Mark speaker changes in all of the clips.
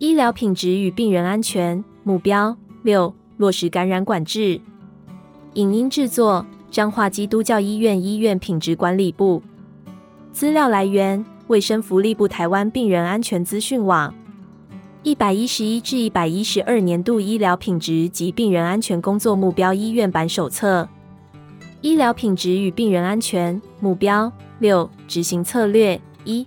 Speaker 1: 醫療品質與病人安全目標六：6, 落實感染管制。影音製作：彰化基督教醫院醫院品質管理部。資料來源：衛生福利部臺灣病人安全資訊網。一百一十一至一百一十二年度醫療品質及病人安全工作目標醫院版手冊。醫療品質與病人安全目標六：6, 執行策略一：1,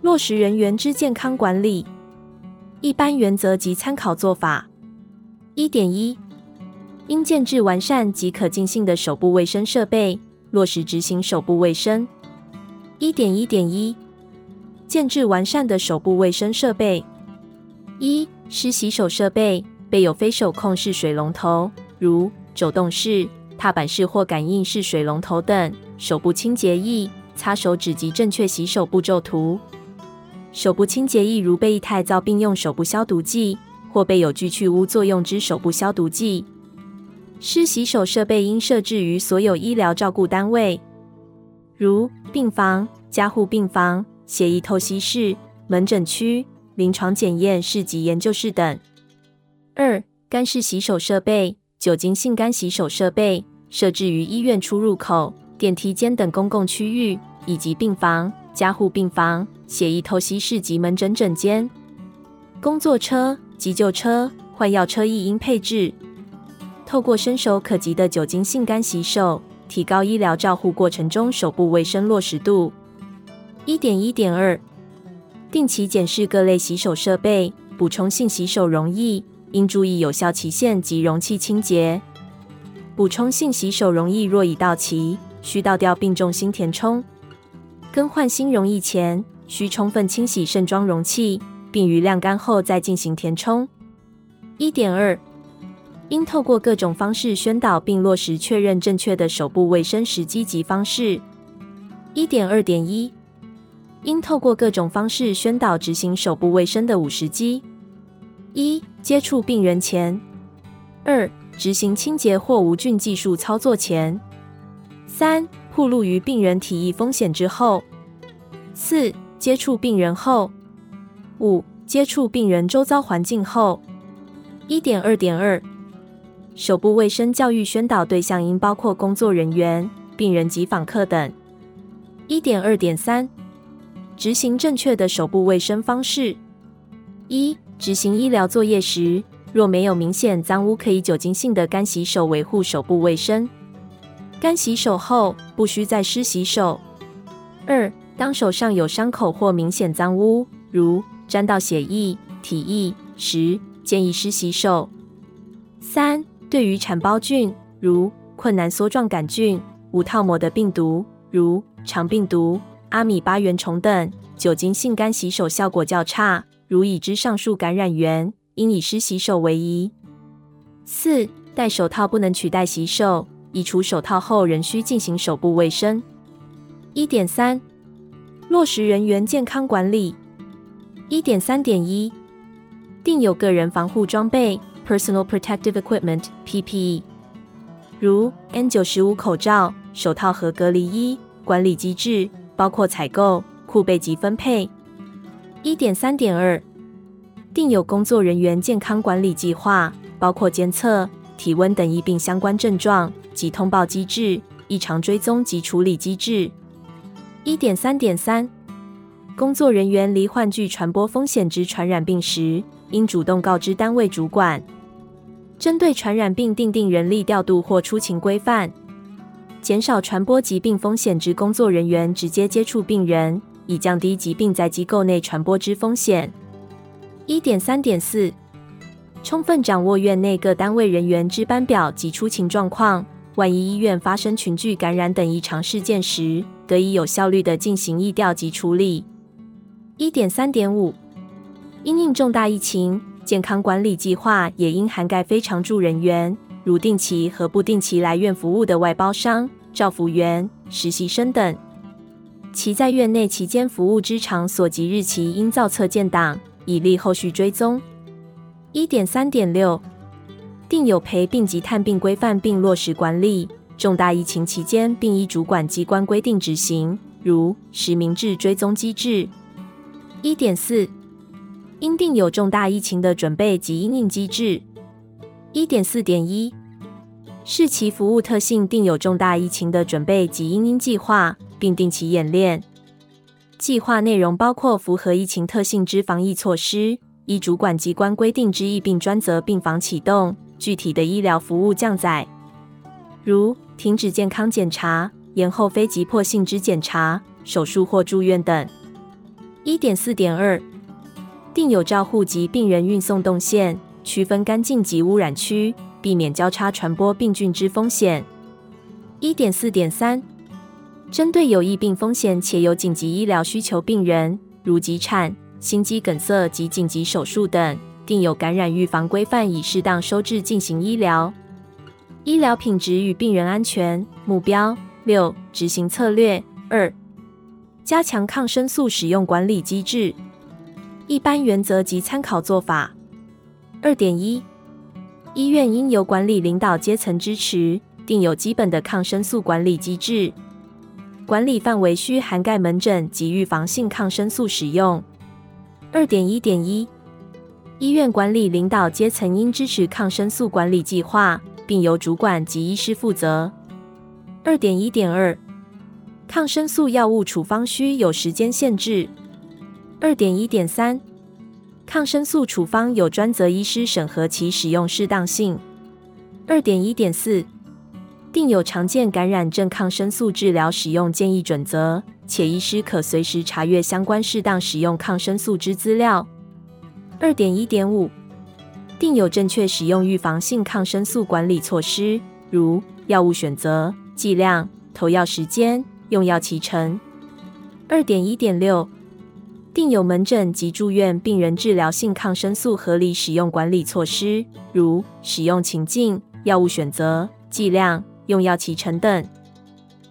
Speaker 1: 落實人員之健康管理。一般原則及參考做法：一點一應建置完善及可近性的手部衛生設備，落實執行手部衛生。一點一點一建置完善的手部衛生設備：一濕洗手設備，備有非手控式水龍頭，如肘動式、踏板式或感應式水龍頭等；手部清潔液、擦手紙及正確洗手步驟圖。手部清潔液如備液態皂，併用手部消毒劑或備有具去污作用之手部消毒劑。濕洗手設備應設置於所有醫療照顧單位，如病房、加護病房、血液透析室、門診區、臨床檢驗室及研究室等。二、乾式洗手設備（酒精性乾洗手設備）設置於醫院出入口、電梯間等公共區域，以及病房、加護病房、血液透析室及門診診間，工作車、急救車、換藥車亦應配置。透過伸手可及的酒精性乾洗手，提高醫療照護過程中手部衛生落實度。一點一點二，定期檢視各類洗手設備，補充性洗手溶液應注意有效期限及容器清潔。補充性洗手溶液若已到期，需倒掉並重新填充。更換新溶液前，需充分清洗盛裝容器，並於晾乾後再進行填充。一點二，應透過各種方式宣導並落實確認正確的手部衛生時機及方式。一點二點一，應透過各種方式宣導執行手部衛生的五時機：一、接觸病人前；二、執行清潔或無菌技術操作前；三、暴露於病人體液風險之後；四、接觸病人後，五、接觸病人周遭環境後，一點二點二，手部衛生教育宣導對象應包括工作人員、病人及訪客等。一點二點三，執行正確的手部衛生方式：一、執行醫療作業時，若沒有明顯髒污，可以酒精性的乾洗手維護手部衛生，乾洗手後不需再濕洗手。二當手上有傷口或明顯髒污，如沾到血液、體液時，建議濕洗手。三、對於產孢菌，如困難梭狀桿菌、無套膜的病毒，如腸病毒、阿米巴原蟲等，酒精性乾洗手效果較差，如已知上述感染源，應以濕洗手為宜。四、戴手套不能取代洗手，移除手套後仍需進行手部衛生。一點三。落實人員健康管理。一點三點一，訂有個人防護裝備 （Personal Protective Equipment, PPE），如 N 九十五口罩、手套和隔離衣，管理機制包括採購、庫備及分配。一點三點二，訂有工作人員健康管理計劃，包括監測體溫等疫病相關症狀及通報機制、異常追蹤及處理機制。一點三點三，1 1. 3. 3. 工作人員罹患具傳播風險之傳染病時，應主動告知單位主管。針對傳染病訂定人力調度或出勤規範，減少傳播疾病風險之工作人員直接接觸病人，以降低疾病在機構內傳播之風險。一點三點四，充分掌握院內各單位人員值班表及出勤狀況，萬一醫院發生群聚感染等異常事件時。得以有效率地進行疫調及處理。一點三點五，因應重大疫情，健康管理計劃也應涵蓋非常駐人員，如定期和不定期來院服務的外包商、照服員、實習生等，其在院內期間服務之場所及日期應造冊建檔，以利後續追蹤。一點三點六，定有陪病及探病規範並落實管理。重大疫情期間，並依主管機關規定執行，如實名制追蹤機制。一點四，應定有重大疫情的準備及因應機制。一點四點一，是其服務特性定有重大疫情的準備及因應計劃，並定期演練。計劃內容包括符合疫情特性之防疫措施，依主管機關規定之疫病專責病房啟動具體的醫療服務降載，如，停止健康檢查，延後非急迫性之檢查、手術或住院等。一點四點二，定有照護及病人運送動線，區分乾淨及污染區，避免交叉傳播病菌之風險。一點四點三，針對有疫病風險且有緊急醫療需求病人，如急產、心肌梗塞及緊急手術等，定有感染預防規範，以適當收治進行醫療。醫療品質與病人安全目標六，執行策略二，加強抗生素使用管理機制。一般原則及參考做法，二點一，醫院應由管理領導階層支持，定有基本的抗生素管理機制，管理範圍需涵蓋門診及預防性抗生素使用。二點一點一，醫院管理領導階層應支持抗生素管理計劃。並由主管及醫師負責。二點一點二，抗生素藥物處方需有時間限制。二點一點三，抗生素處方有專責醫師審核其使用適當性。二點一點四，訂有常見感染症抗生素治療使用建議準則，且醫師可隨時查閱相關適當使用抗生素之資料。二點一點五。定有正確使用預防性抗生素管理措施，如藥物選擇、劑量、投藥時間、用藥期程。二點一點六，定有門診及住院病人治療性抗生素合理使用管理措施，如使用情境、藥物選擇、劑量、用藥期程等。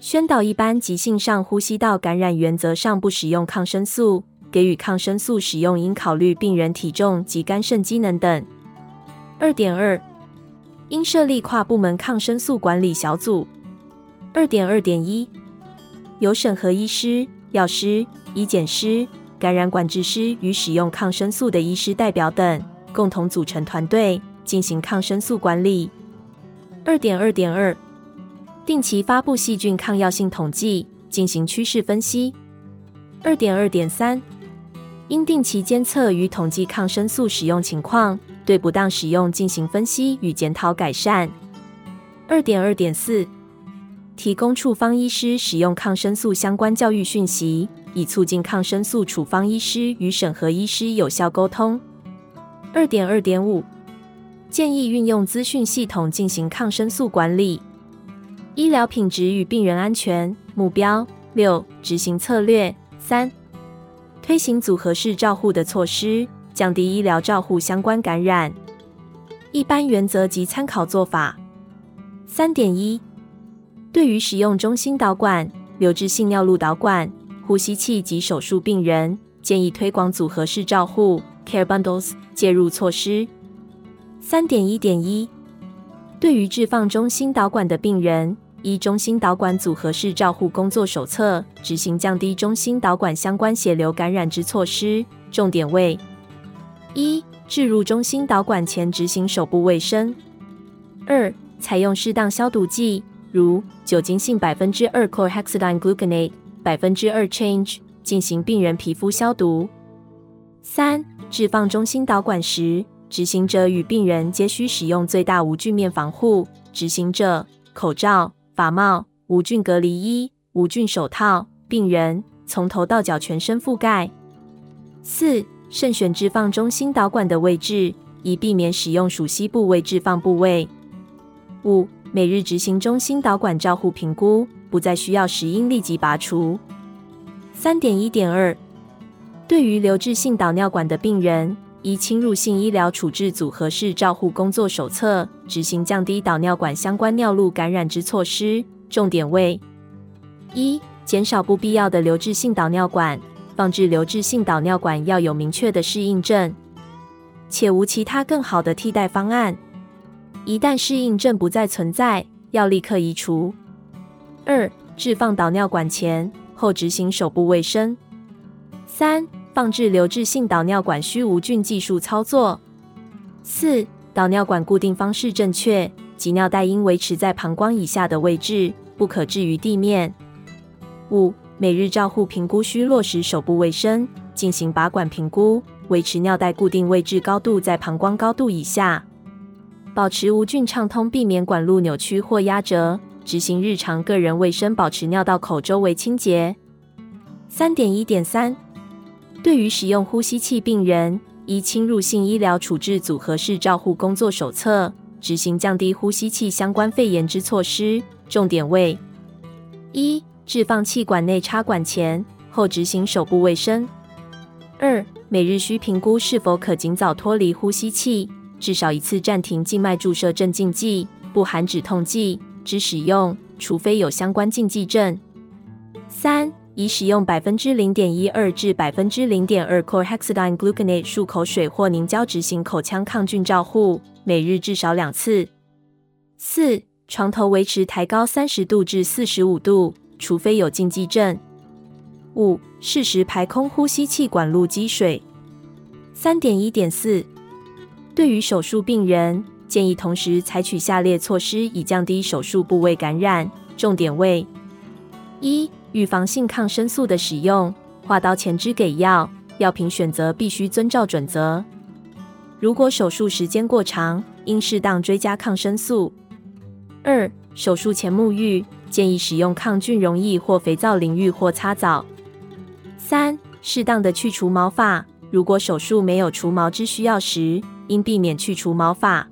Speaker 1: 宣導一般急性上呼吸道感染原則上不使用抗生素，給予抗生素使用應考慮病人體重及肝腎機能等。二點二，2. 2. 應設立跨部門抗生素管理小組。二點二點一，由審核醫師、藥師、醫檢師、感染管制師與使用抗生素的醫師代表等共同組成團隊進行抗生素管理。二點二點二，定期發布細菌抗藥性統計，進行趨勢分析。二點二點三，應定期監測與統計抗生素使用情況。.對不當使用進行分析與檢討改善。二點二點四，提供處方醫師使用抗生素相關教育訊息，以促進抗生素處方醫師與審核醫師有效溝通。二點二點五，建議運用資訊系統進行抗生素管理。醫療品質與病人安全目標六，6. 執行策略三，3. 推行組合式照護的措施。降低醫療照護相關感染。一般原則及參考做法。三點一，對於使用中心導管、留置性尿路導管、呼吸器及手術病人，建議推廣組合式照護 （Care Bundles） 介入措施。三點一點一，對於置放中心導管的病人，依中心導管組合式照護工作手冊執行，降低中心導管相關血流感染之措施，重點為。一、置入中心導管前執行手部衛生。二、採用適當消毒劑，如酒精性百分之二 chlorhexidine gluconate，百分之二 change 進行病人皮膚消毒。三、置放中心導管時，執行者與病人皆需使用最大無菌面防護，執行者口罩、髮帽、無菌隔離衣、無菌手套，病人從頭到腳全身覆蓋。四。慎選置放中心導管的位置，以避免使用鼠蹊部位置放部位。五、每日執行中心導管照護評估，不再需要時應立即拔除。三點一點二，對於留置性導尿管的病人，依侵入性醫療處置組合式照護工作手冊執行降低導尿管相關尿路感染之措施，重點為：一、減少不必要的留置性導尿管。放置留置性導尿管要有明確的適應症，且無其他更好的替代方案。一旦適應症不再存在，要立刻移除。二、置放導尿管前後執行手部衛生。三、放置留置性導尿管需無菌技術操作。四、導尿管固定方式正確，集尿袋應維持在膀胱以下的位置，不可置於地面。五、每日照護評估需落實手部衛生，進行拔管評估，維持尿袋固定位置高度在膀胱高度以下，保持無菌暢通，避免管路扭曲或壓折，執行日常個人衛生，保持尿道口周圍清潔。三點一點三，對於使用呼吸器病人，依侵入性醫療處置組合式照護工作手冊，執行降低呼吸器相關肺炎之措施，重點為一。1. 置放氣管內插管前後執行手部衛生。二、每日需評估是否可儘早脫離呼吸器，至少一次暫停靜脈注射鎮靜劑（不含止痛劑）之使用，除非有相關禁忌症。三、宜使用百分之零點一二至百分之零點二 chlorhexidine gluconate 漱口水或凝膠執行口腔抗菌照護，每日至少兩次。四、床頭維持抬高三十度至四十五度。除非有禁忌症，五適時排空呼吸器管路積水。三點一點四，對於手術病人，建議同時採取下列措施以降低手術部位感染。重點為：一、1, 預防性抗生素的使用，劃刀前之給藥，藥品選擇必須遵照準則。如果手術時間過長，應適當追加抗生素。二、手術前沐浴。建議使用抗菌溶液或肥皂淋浴或擦澡。三、適當的去除毛髮。如果手術沒有除毛之需要時，應避免去除毛髮。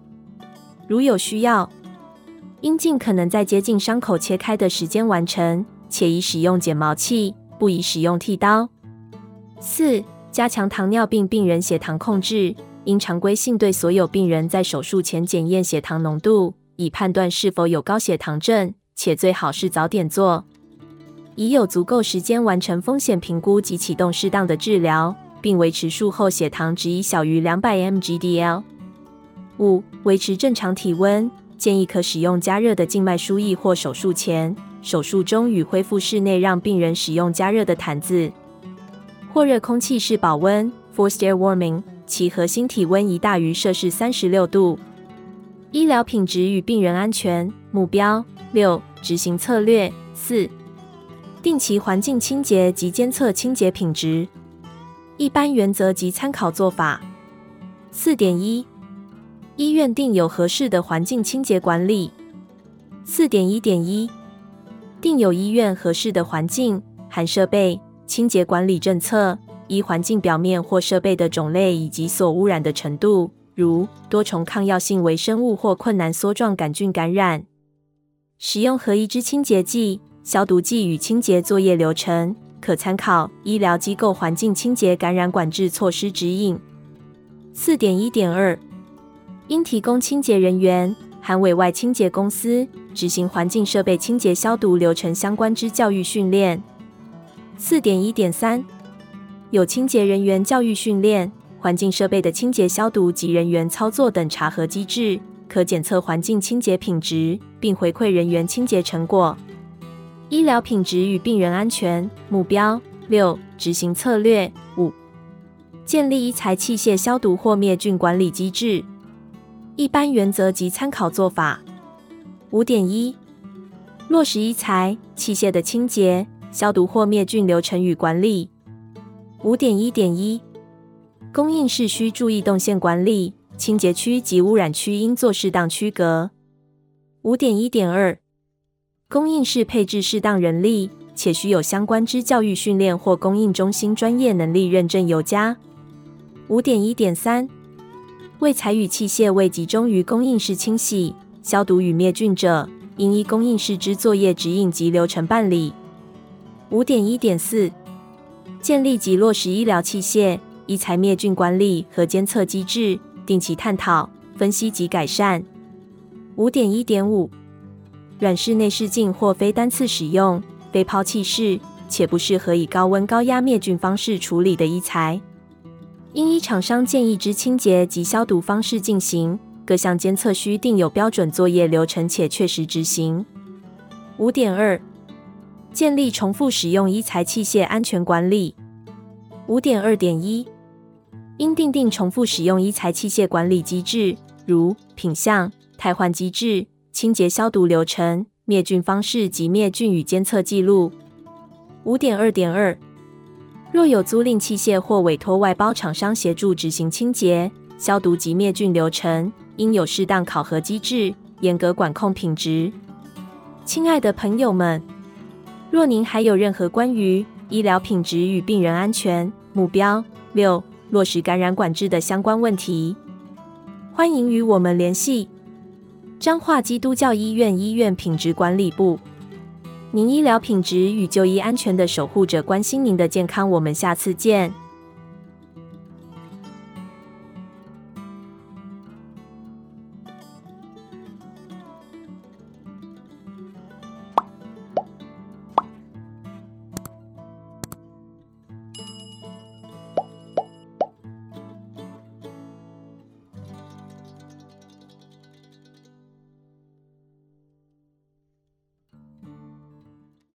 Speaker 1: 如有需要，應盡可能在接近傷口切開的時間完成，且宜使用剪毛器，不宜使用剃刀。四、加強糖尿病病人血糖控制。應常規性對所有病人在手術前檢驗血糖濃度，以判斷是否有高血糖症。且最好是早點做，已有足夠時間完成風險評估及啟動適當的治療，並維持術後血糖值以小於兩百 mg/dl。五、維持正常體溫，建議可使用加熱的靜脈輸液或手術前、手術中與恢復室內讓病人使用加熱的毯子或熱空氣式保溫 f o r c e air warming），其核心體溫宜大於攝氏三十六度。醫療品質與病人安全目標六。執行策略四：4，定期環境清潔及監測清潔品質。一般原則及參考做法：四點一，醫院定有合適的環境清潔管理。四點一點一，定有醫院合適的環境含設備清潔管理政策，依環境表面或設備的種類以及所污染的程度，如多重抗藥性微生物或困難梭狀桿菌感染。使用合宜之清潔劑、消毒劑與清潔作業流程，可參考《醫療機構環境清潔感染管制措施指引》。四點一點二，應提供清潔人員（含委外清潔公司）執行環境設備清潔消毒流程相關之教育訓練。四點一點三，有清潔人員教育訓練、環境設備的清潔消毒及人員操作等查核機制，可檢測環境清潔品質。並回饋人員清潔成果。醫療品質與病人安全目標六，執行策略五，建立醫材器械消毒或滅菌管理機制。一般原則及參考做法，五點一，落實醫材器械的清潔、消毒或滅菌流程與管理。五點一點一，供應室需注意動線管理，清潔區及污染區應做適當區隔。五點一點二，1> 1. 供應室配置適當人力，且需有相關之教育訓練或供應中心專業能力認證有加。五點一點三，器材與器械未集中於供應室清洗、消毒與滅菌者，應依供應室之作業指引及流程辦理。五點一點四，建立及落實醫療器械、醫材滅菌管理和監測機制，定期探討、分析及改善。五點一點五，軟式內視鏡或非單次使用、非拋棄式且不適合以高溫高壓滅菌方式處理的醫材，應依廠商建議之清潔及消毒方式進行。各項監測需定有標準作業流程，且確實執行。五點二，建立重複使用醫材器械安全管理。五點二點一，應訂定，定重複使用醫材器械管理機制，如品項。替換機制、清潔消毒流程、滅菌方式及滅菌與監測記錄。五點二點二，若有租賃器械或委托外包廠商協助執行清潔、消毒及滅菌流程，應有適當考核機制，嚴格管控品質。親愛的朋友們，若您還有任何關於醫療品質與病人安全目標六落實感染管制的相關問題，歡迎與我們聯繫。彰化基督教醫院醫院品質管理部，您醫療品質與就醫安全的守護者，關心您的健康。我們下次見。